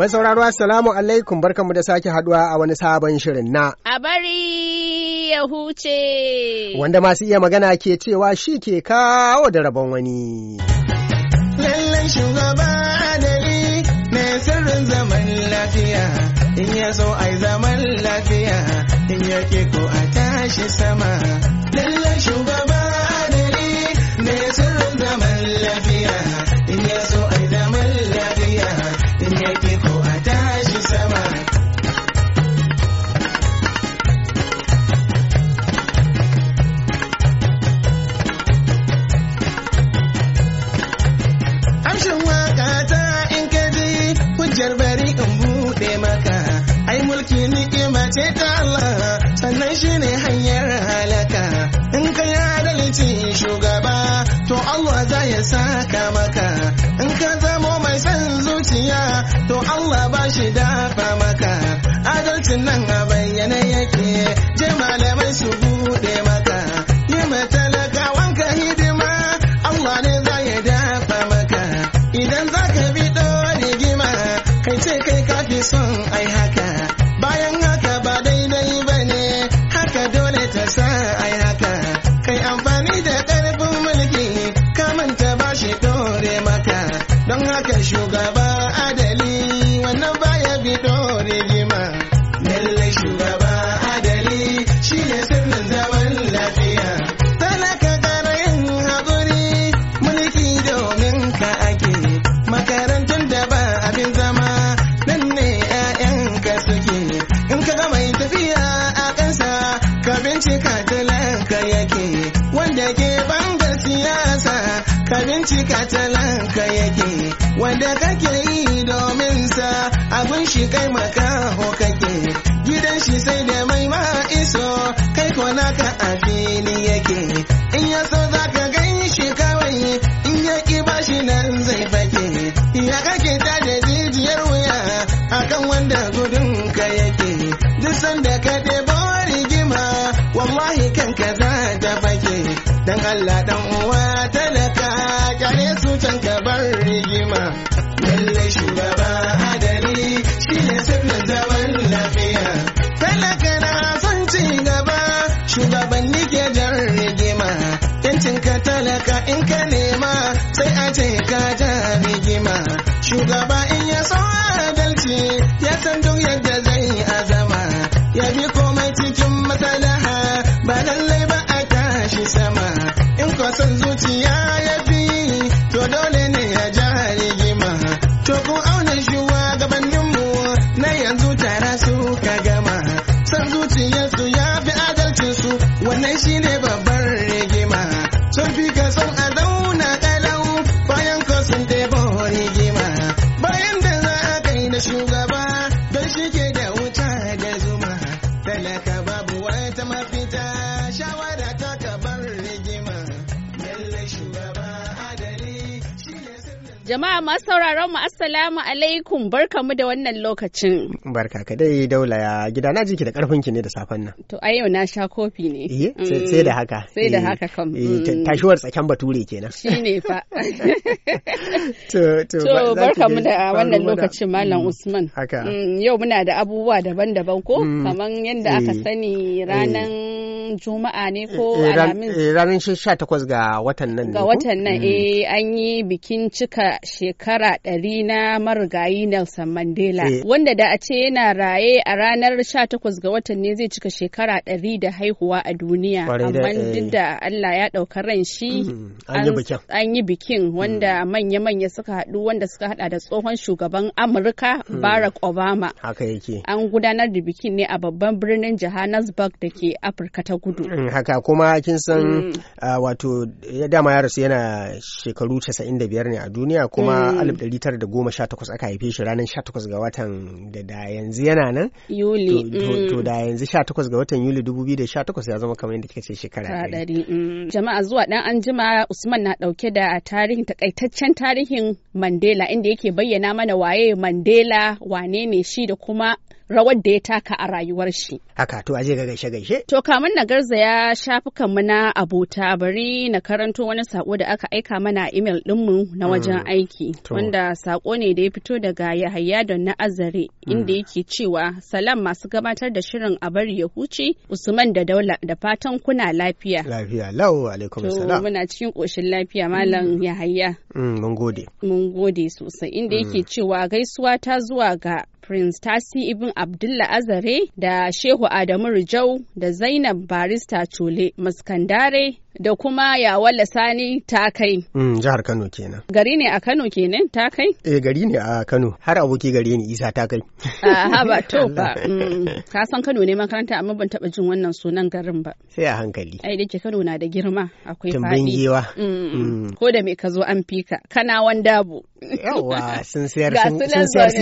Mai sauraro Assalamu alaikum barkanmu da sake haduwa a wani sabon shirin na. A bari ya huce. Wanda masu iya magana ke cewa shi ke kawo da rabon wani. Lallan shugaba adali mai sirrin zaman lafiya, in ya so ai zaman lafiya, in ya ke ko a tashi sama. ce ta Allah sannan shi ne hanyar halaka in ka yi adalci shugaba to Allah za ya saka maka in ka zamo mai son zuciya to Allah ba shi dafa maka adalcin nan bincika talanka yake wanda kake yi domin sa abin shi kai makaho kake gidan shi sai da mai ma iso kai ko naka a fili yake in ya so za ka gan shi kawai in ya ki ba shi nan zai fake ya kake ta da jijiyar wuya akan wanda gudun ka yake duk sanda ka debo rigima wallahi kanka za ta fake dan Allah dan shine Jama'a masu sauraron mu assalamu alaikum mu da wannan lokacin. Barka ka dai daula ya gida na jiki da karfin ki ne da safen nan. To a yau na sha kofi ne. Eh sai mm. da haka. Sai da eh, haka kam. Eh, mm. Tashiwar tsaken bature kenan. Shi ne fa. To to mu da wannan lokacin Malam mm, Usman. Haka. Yau muna da abubuwa daban-daban ko kaman yadda aka eh. sani ranan juma'a ne ko eh, Alamin. Eh, ranar sha takwas ga watan nan ga watan nan mm. eh an yi bikin cika shekara ɗari na marigayi nelson mandela eh. wanda da a ce yana raye a ranar sha takwas ga watan ne zai cika shekara ɗari da haihuwa a duniya amma duk da allah ya ɗauka ran shi mm, an yi bikin mm. wanda manya-manya suka haɗu wanda suka haɗa da tsohon shugaban amurka barack obama haka yake an gudanar da bikin ne a babban birnin johannesburg da ke afirka ta kudu mm, haka kuma kin san mm. wato dama ya rasu yana shekaru 95 ne a duniya kuma 1918 mm. aka haife shi ranar 18 ga watan da da yanzu yana nan yuli to da yanzu 18 ga watan yuli 2018 ya zama kamar yadda kika ce shekara 100 jama'a zuwa dan anjima Usman na dauke da tarihin takaitaccen tarihin Mandela inda yake bayyana mana waye Mandela wane ne shi da kuma rawar da ya taka a rayuwar shi. Haka to aje ga gaishe gaishe. To kamun na garzaya shafukan mu abota bari na karanto wani sako da aka aika mana email dinmu na mm. wajen aiki wanda sako ne da ya fito daga Yahaya don na Azare mm. inda yake cewa salam masu gabatar da shirin a bari ya huce Usman da Daula da fatan kuna lafiya. Lafiya lau alaikum salam. muna cikin koshin lafiya malam mm. Yahaya. Mun gode. Mun gode sosai inda yake cewa gaisuwa ta zuwa ga Prince Tasi Ibn Abdullah Azare da Shehu Adamu Rijau da Zainab Barista tole Maskandare da kuma Yawala Sani ta kai. Mm, jihar Kano kenan. Gari ne a Kano kenan ta kai? Eh gari ne a Kano har aboki gari ne Isa ta kai. Aha ba to ba. Mm. Ka san Kano ne makaranta amma ban taba jin wannan sunan garin ba. Sai a hankali. Ai dake Kano na da girma akwai faɗi. Mm, ko da me ka zo an fika kana wanda bu. Yawwa sun sayar sun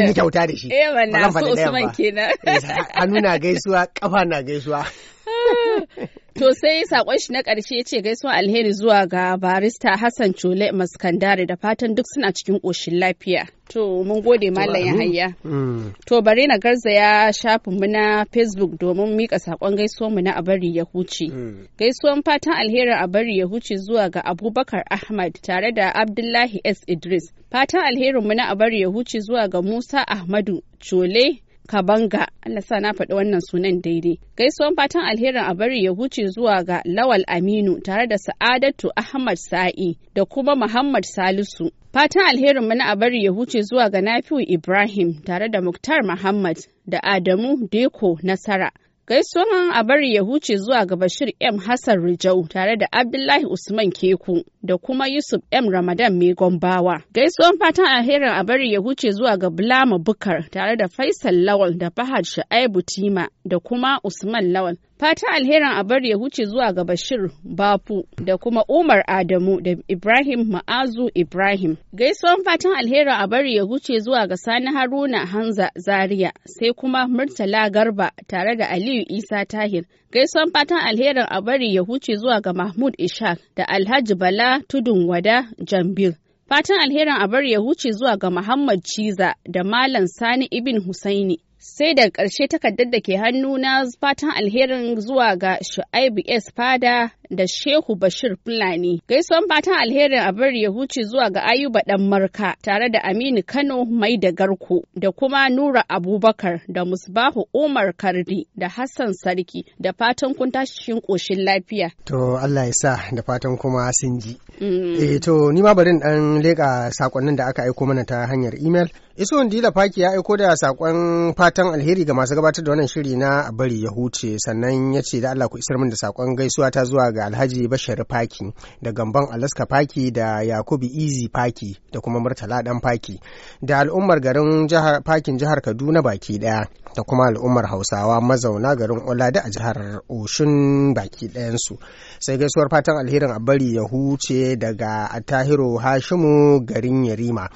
yi kyauta da shi. Eh wannan so Usman kenan. Eh, hannu na gaisuwa kafa na gaisuwa. Ah. To sai sakon shi na ƙarshe ce gaisuwa alheri zuwa ga barista Hassan Chole Maskandare da fatan duk suna cikin ƙoshin lafiya. To mun gode Malam Yahaya. Mm. To bari na garzaya shafin mu na Facebook domin mika sakon gaisuwarmu mu na Abari ya huce. Mm. Gaisuwan fatan alherin Abari ya huce zuwa ga Abubakar Ahmad tare da Abdullahi S Idris. Fatan alherin mu na Abari ya huce zuwa ga Musa Ahmadu Chole Kabanga, Allah sa na faɗi wannan sunan daidai. Gaisuwan fatan alherin a bari ya huce zuwa ga Lawal Aminu tare da Sa'adatu Ahmad Sa'i da kuma Muhammad Salisu. Fatan alherin mu na a bari ya huce zuwa ga Nafiu Ibrahim tare da Muktar Muhammad da Adamu Deko Nasara. Gaisuwan a bari ya huce zuwa ga Bashir M. Hassan Rijau tare da Abdullahi Usman Keku da kuma Yusuf M. Ramadan mai gombawa. Gaisuwan fatan alherin a bari ya huce zuwa ga Bulama Bukar tare da Faisal Lawal da Fahad Shu'aibu Tima da kuma Usman Lawal Fatan alherin abar ya huce zuwa ga Bashir Bafu da kuma Umar Adamu da Ibrahim Ma'azu Ibrahim. Gaisuwan fatan alherin abar ya huce zuwa ga Sani Haruna Hanza Zaria sai kuma Murtala Garba tare da Aliyu Isa Tahir. Gaisuwan fatan alherin abar ya huce zuwa ga Mahmud Ishaq da Alhaji Bala Tudun Wada Jambil. Fatan alherin abar ya huce zuwa ga Muhammad Ciza da Malam Sani Ibin Husaini sai da ƙarshe takardar da ke hannu na fatan alherin zuwa ga shu'aibu s fada da shehu bashir fulani gaisuwan fatan alherin a bari ya huce zuwa ga ayuba dan marka tare da aminu kano mai da garko da kuma nura abubakar da musbahu umar kardi da hassan sarki da fatan kun tashi cikin ƙoshin lafiya to allah ya sa da fatan kuma sun ji mm. eh, to ni ma bari dan leƙa sakonnin da aka aiko mana ta hanyar imel Isu'n Dila Faki ya aiko da sakon fatan alheri ga masu gabatar da wannan shiri na a bari ya huce sannan ya ce da Allah ku isar min da sakon gaisuwa ta zuwa ga Alhaji Bashir Faki da Gamban Alaska Faki da Yakubu Izi Faki da kuma Murtala Dan Faki da al'ummar garin jihar Fakin jihar Kaduna baki daya da kuma al'ummar Hausawa mazauna garin da a jihar Oshun baki su. sai gaisuwar fatan alherin a bari ya huce daga Atahiro Hashimu garin Yarima.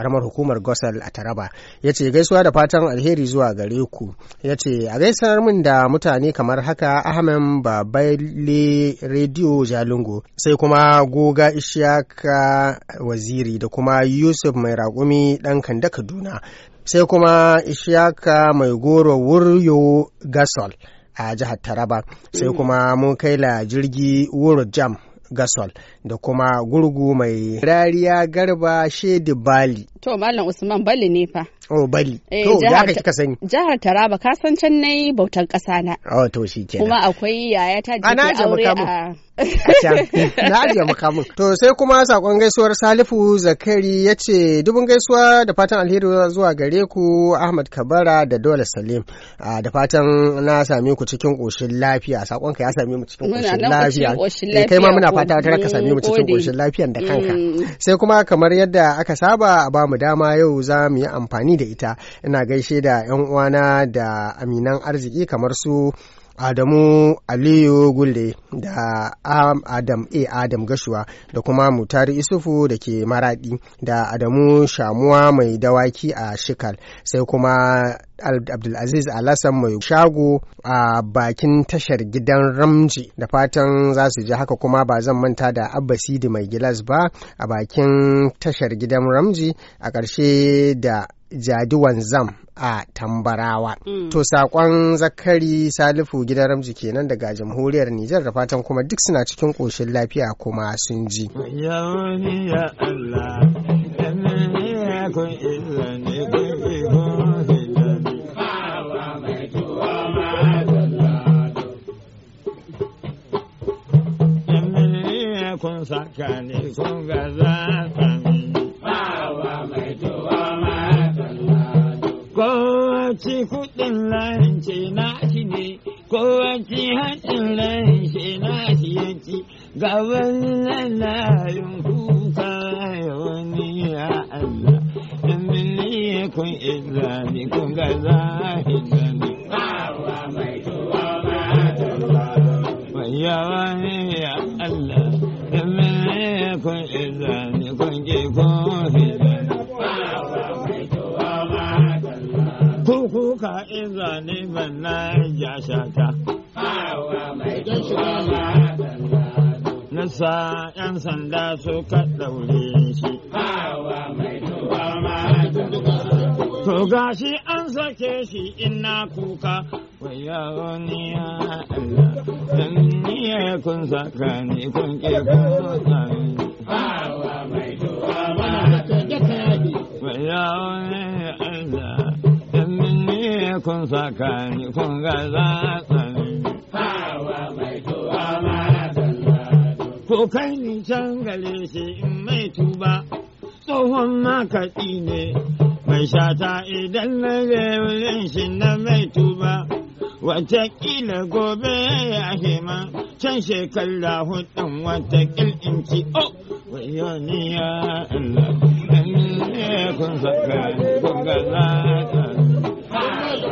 karamar hukumar Gosal a Taraba. Ya ce gaisuwa da fatan alheri zuwa gare ku. Ya ce a gaisar min da mutane kamar haka Ahmed Babaile Radio Jalingo sai kuma Goga Ishiyaka Waziri da kuma Yusuf Mai Raƙumi ɗan Kanda Kaduna. Sai kuma Ishiyaka Mai Goro Wuryo Gasol. a jihar Taraba sai kuma mun kai la jirgi Wuro Jam gasol da kuma gurgu mai rariya garba shedi bali to malam usman bali ne fa Oh bali. Eh, to da haka kika sani. Jihar Taraba ka san can nayi bautan ƙasa na. Oh to shi kenan. Kuma akwai yayata da ke aure a na ajiye makamu. To sai kuma sakon gaisuwar Salifu Zakari ya ce dubin gaisuwa da fatan alheri zuwa gare ku Ahmad Kabara da Dole Salim. Da fatan na same ku cikin ƙoshin lafiya. Sakon ka ya same mu cikin ƙoshin lafiya. Eh, kai ma muna fata ta ka same mu cikin ƙoshin lafiyan da kanka. Mm. Sai kuma kamar yadda aka saba a bamu dama yau za mu yi amfani da ita ina gaishe da 'yan uwana da aminan arziki kamar su Adamu Aliyu Gulle da Adam A. Eh, Adam Gashuwa da kuma Mutari Isufu da ke Maradi da Adamu Shamuwa mai dawaki a Shikal sai kuma Abdulaziz alasan mai shago a bakin tashar gidan Ramji da fatan za su ji haka kuma ba zan manta da abbasidi mai gilas ba a bakin tashar gidan Ramji a ƙarshe da jadiwan zam a tambarawa. Mm. To sakon zakari salifu gidan ramji kenan daga jamhuriyar Nijar da fatan kuma duk suna cikin ƙoshin lafiya kuma sun ji. Kun ne wallahi ce na shi ne ko ci haɗin rai ce na shi ya ci ga wani lalayin kuka ya wani ya Allah in kun izami kun ga zahida sanda suka ɗaure shi. Hawa mai tuba ma To gashi an sake shi ina kuka, wayo ni ya Allah, dan ni ya kun saka ni kun ke kun so ni. Hawa mai tuba ma Wayo ni ya Allah, dan ni ya kun saka ni kun ga za to kai ni can gare shi in mai tuba tsohon makaɗi ne mai shata idan na zai shi na mai tuba watakila gobe ya hima can shekara hudun watakil in ci o oh, wayo ni ya Allah ne kun saka kun gaza ta.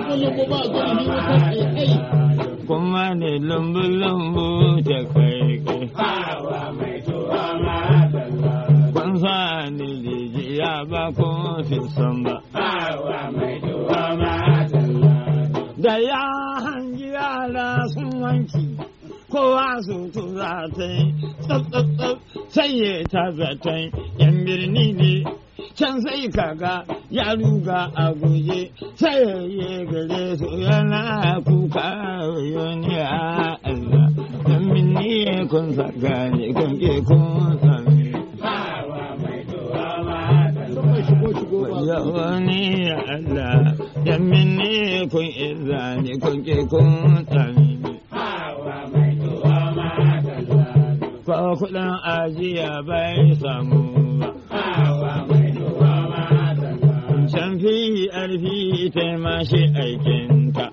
Ba ba kuma da lumbu lambu da kai-kai. Bawa mai tuwa ma Kun sa ni rijiya ba kun fi son ba. Bawa mai tuwa madalla. Da ya hangi yara sun wanki. Kowa su tura ta yi, tsaf-tsaf-tsaf, sai ya ta zaton, yan birni ne can sai kaga ya ruga a guje sai ya gare su yana kuka yoni a Allah don minni kun saka ne kun ke kun sami ni ya Allah, yammin ne kun izza ne kun ke kun sami Ko kuɗin ajiya bai samu ba. ita ma shi aikinta.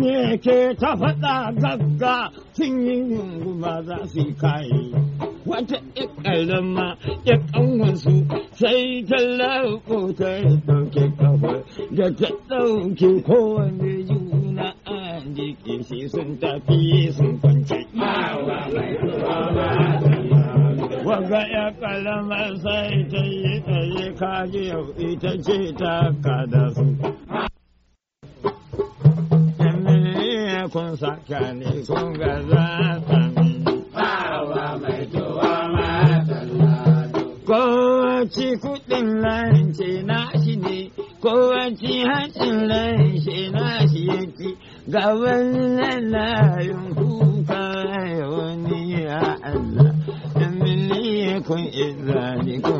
ne ke ta faɗa gagga sun yi yungu za su yi kayi. wata ƙarama ya ƙanwansu sai ta laƙo ta ɗauke kafa da ta ɗauke kowane juna a jiki sai sun tafi sun kwance. Waga ya kalama sai ta yi tsaye kaji ita ce ta kada su. Jami'i kun saka ne kun ga za ta Bawa mai tuwa matalla. Kowace kuɗin ce na shi ne, kowace hancin ce na shi yake, ga wannan layin kuwa.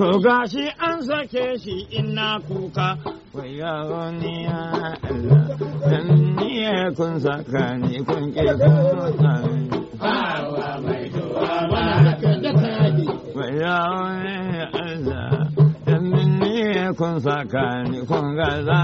To gashi an sake shi ina kuka, wai yawon ni ya Allah, dan ni ya kun saka ni kun ke kun sani. Bawa mai duwa ba ka da taki. Wai yawon ni ya Allah, dan ni ya kun saka ni kun ga za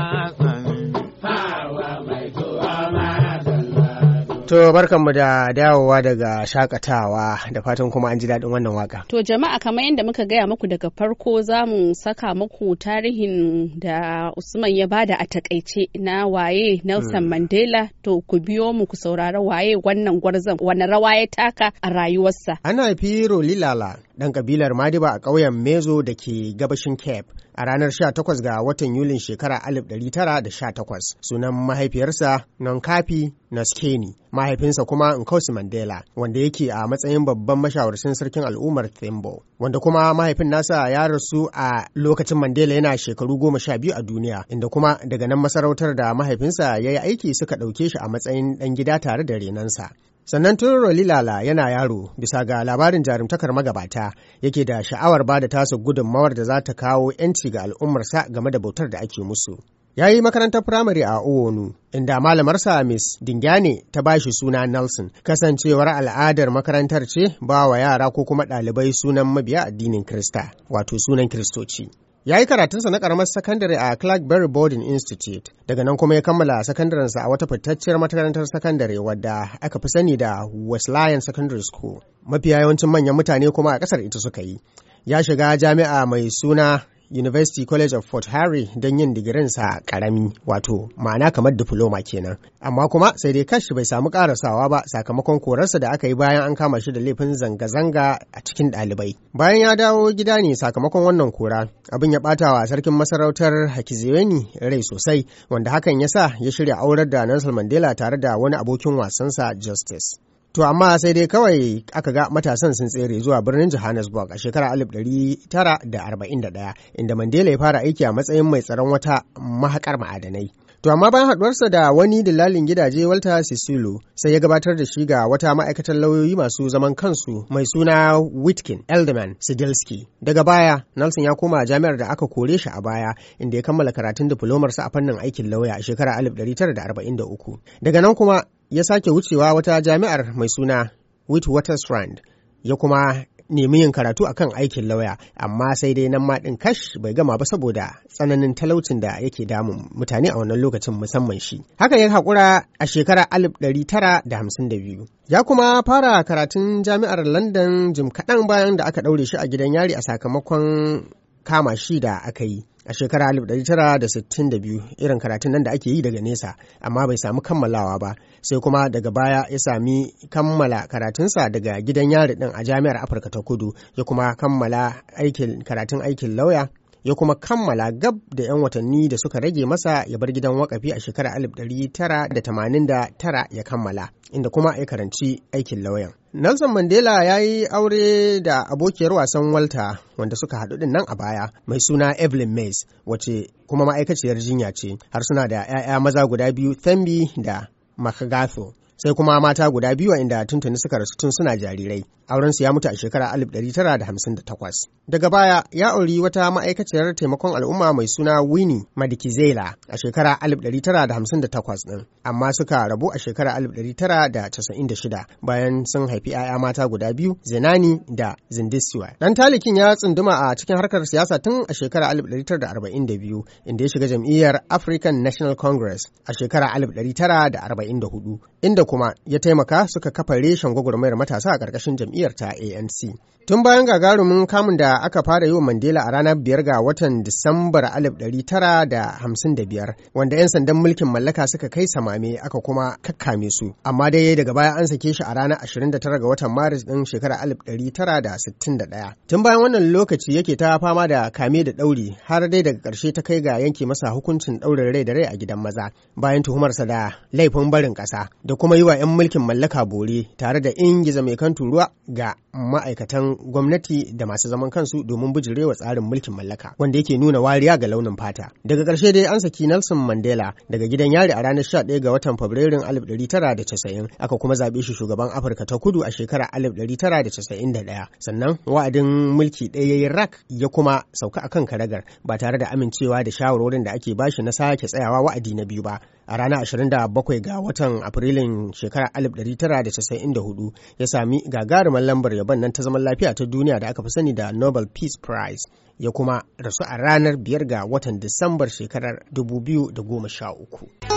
To barkanmu da dawowa daga shakatawa da fatan kuma an ji daɗin wannan waka. To jama'a kamar yadda muka gaya muku daga farko za mu saka muku tarihin da Usman ya bada a takaice na waye Nelson hmm. Mandela to ku biyo mu ku saurari waye wannan gwarzon wani rawa ya taka a rayuwarsa. Ana fi Rolilala ɗan kabilar Madiba a ƙauyen Mezo da ke gabashin Cape. a ranar 18 ga watan Yulin shekara 1918 sunan mahaifiyarsa nonkapi Naskeni mahaifinsa kuma Nkosi Mandela wanda yake a matsayin babban mashawarcin sarkin al'ummar Thembo wanda kuma mahaifin nasa ya rasu a lokacin Mandela yana shekaru goma sha biyu a duniya inda kuma daga nan masarautar da mahaifinsa ya yi aiki suka ɗauke shi a matsayin ɗan gida tare da renansa sannan tun lala yana yaro bisa ga labarin jarumtakar magabata yake da sha'awar ba da tasu gudunmawar da za ta kawo 'yanci ga al'ummarsa game da bautar da ake musu ya yi makarantar firamare a owonu inda malamarsa miss dingane ta ba shi suna nelson kasancewar al'adar makarantar ce ba wa yara ko kuma ɗalibai sunan mabiya addinin Kirista wato sunan kiristoci Ya yi karatunsa na karamar sakandare a Clarkberry Boarding Institute, daga nan kuma ya kammala sakandarensa a wata fitacciyar makarantar sakandare wadda aka fi sani da West Lion Secondary School. Mafiya yawancin manyan mutane kuma a ƙasar ita suka yi. Ya shiga jami'a mai suna University College of Fort Harry don yin digirinsa karami wato ma'ana kamar diploma kenan. Amma kuma sai dai kashi bai samu karasawa ba sakamakon korarsa da aka yi bayan an kama shi da laifin zanga-zanga a cikin ɗalibai. Bayan ya dawo gida ne sakamakon wannan kora abin ya ɓata wa sarkin masarautar Hakizeweni rai sosai wanda hakan ya sa ya shirya aurar da Nelson Mandela tare da wani abokin wasansa Justice. To amma sai dai kawai aka ga matasan sun tsere zuwa birnin Johannesburg a shekarar 1941 inda Mandela ya fara aiki a matsayin mai tsaron wata mahakar ma'adanai. To amma bayan haduwarsa da wani dillalin gidaje Walter Sisulu sai ya gabatar da shi ga wata ma'aikatar lauyoyi masu zaman kansu mai suna Witkin Elderman Sidilski. Daga baya Nelson ya koma jami'ar da aka kore shi a baya inda ya kammala karatun diplomarsa a fannin aikin lauya a shekarar 1943. Daga nan kuma ya sake wucewa wata jami'ar mai suna Witwatersrand ya kuma nemi yin karatu akan aikin lauya amma sai dai nan maɗin kash bai gama ba saboda tsananin talaucin da yake damun mutane a wannan lokacin musamman shi haka ya haƙura a shekara 1952 ya kuma fara karatun jami'ar london jim kaɗan bayan da aka ɗaure shi a gidan yari a sakamakon kama shi da aka yi a shekara 1962 irin karatun nan da ake yi daga nesa amma bai samu kammalawa ba sai kuma daga baya ya sami kammala karatunsa daga gidan yari din a jami'ar afirka ta kudu ya kuma kammala aikin karatun aikin lauya ya kuma kammala gab da 'yan watanni da suka rage masa ya bar gidan wakafi a shekarar 1989 ya kammala inda kuma ya karanci aikin lauyan. Nelson Mandela ya yi aure da abokiyar wasan Walter wanda suka haɗu din nan a baya mai suna Evelyn Mays wace kuma ma'aikaciyar jinya ce har suna da 'ya'ya maza guda biyu Thembi da Makagatho. sai kuma mata guda biyu inda tuntuni suka rasu tun suna jarirai auren su ya mutu a shekara 1958 daga baya ya auri wata ma'aikaciyar taimakon al'umma mai suna winnie madikizela a shekara 1958 din amma suka rabu a shekara 1996 bayan sun haifi 'ya'ya mata guda biyu zenani da zindisiwa dan talikin ya tsunduma a cikin harkar siyasa tun a shekara 1942 inda ya shiga jam'iyyar african national congress a shekara 1944 inda kuma ya taimaka suka kafa reshen gwagwarmayar matasa a ƙarƙashin jam'iyyar ta ANC. Tun bayan gagarumin kamun da aka fara yi wa Mandela a ranar biyar ga watan Disambar 1955 wanda 'yan sandan mulkin mallaka suka kai samame aka kuma kakkame su. Amma dai daga baya an sake shi a ranar 29 ga watan Maris ɗin shekarar 1961. Tun bayan wannan lokaci yake ta fama da kame da ɗauri har dai daga ƙarshe ta kai ga yanke masa hukuncin ɗaurin rai da rai a gidan maza bayan tuhumarsa da laifin barin ƙasa da kuma kuma wa 'yan mulkin mallaka bore tare da ingiza mai kan turuwa ga ma'aikatan gwamnati da masu zaman kansu domin bijirewa tsarin mulkin mallaka wanda yake nuna wariya ga launin fata daga ƙarshe dai an saki Nelson Mandela daga gidan yari a ranar 11 ga watan Fabrairun 1990 aka kuma zaɓe shi shugaban Afirka ta Kudu a shekarar 1991 sannan wa'adin mulki ɗaya rak ya kuma sauka akan karagar ba tare da amincewa da shawarwarin da ake bashi na sake tsayawa wa'adi na biyu ba a ranar 27 ga watan Afrilun shekarar 1994 ya sami gagarumar lambar yabon nan ta zaman lafiya ta duniya da aka fi sani da Nobel Peace Prize ya kuma rasu a ranar 5 ga watan Disambar shekarar 2013.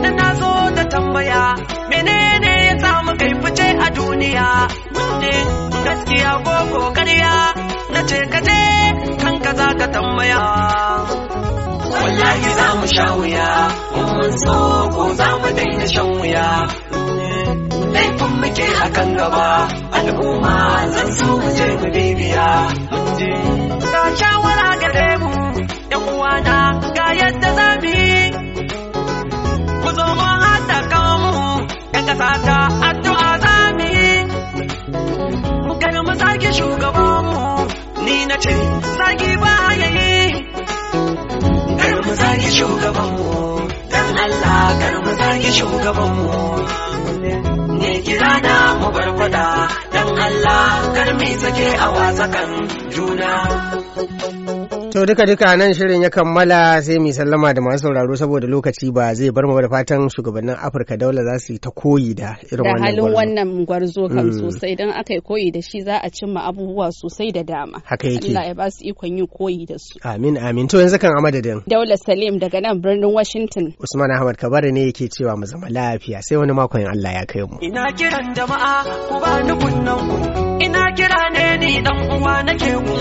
na zo da tambaya menene ya a duniya gaskiya ko kokariya na ce ka je kanka za ka tambaya. wallahi za mu sha wuya mun so ko za mu daina shan wuya laifin muke a kan gaba al'umma zan so mu je mu bibiya ga shawara ga mu yan uwana ga yadda za shugabanmu dan Allah kar mu zagi shugabanmu ne kira na mu bar dan Allah kar mu sake a wasakan juna To duka duka nan shirin ya kammala sai mu sallama da masu sauraro saboda lokaci ba zai bar mu da fatan shugabannin Afirka daula za su yi ta koyi da irin wannan halin wannan gwarzo kan mm. sosai don aka yi koyi da shi za a cimma abubuwa sosai da dama. Haka yake. Allah ya ba su ikon yin koyi da su. Amin amin to yanzu kan amadadin. Daula Salim daga nan birnin Washington. Usman Ahmad Kabar ne yake cewa mu zama lafiya sai wani makon in Allah ya kai mu. Ina kiran jama'a ku ba ni kunnan ku. Ina kira ne ni dan uwa nake ku.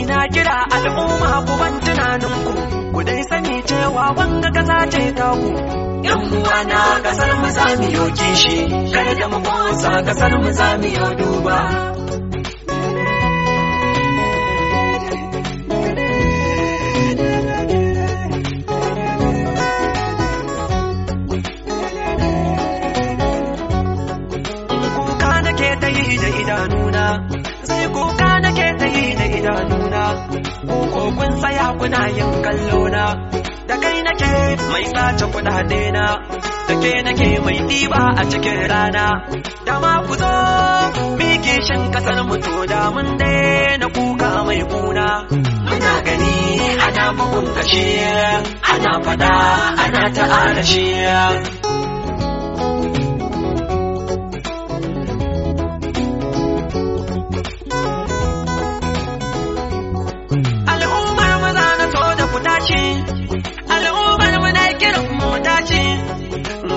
Ina kira al'umma mahabuban tunaninku ku dai sani cewa wanga kasa ce taku yan uwana kasar mu za mu yo kishi kada da mu kosa kasar mu za mu yo duba nake ta yi da idanuna sai kuka nake ta yi da idanuna na saya kun kuna yin kallo na da kai nake mai sace kudade na da ke nake mai diba a cikin rana ma ku zo mi kishin kasar to da mun na kuka mai kuna muna gani ana bugun kashe ana fada ana ta'ala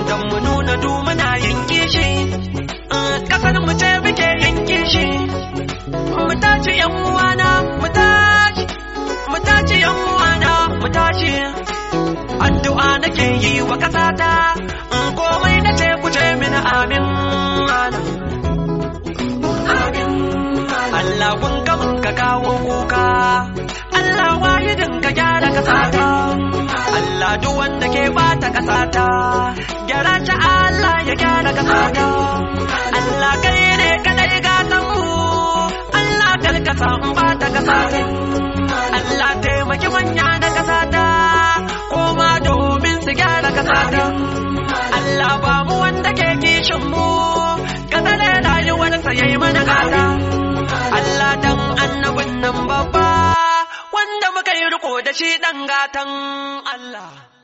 dan mu nuna du muna yanke shi kasar mu ce muke yanke shi mu tashi yan uwana mu tashi mu tashi yan uwana mu tashi addu'a nake yi wa kasata komai nace ku ce mini amin Allah ka kawo kuka Allah waye ka gyara kasata Allah duk wanda ke bata kasata gyara ta Allah ya gyara kasata Allah kai ne kadai gatan mu Allah ka in bata kasata Allah taimaki manya na kasata koma domin su gyara kasata Allah ba mu wanda ke kishin mu kasar rayuwarsa sa yayi mana gata nan babba wanda muka yi riko da shi ɗan gatan Allah.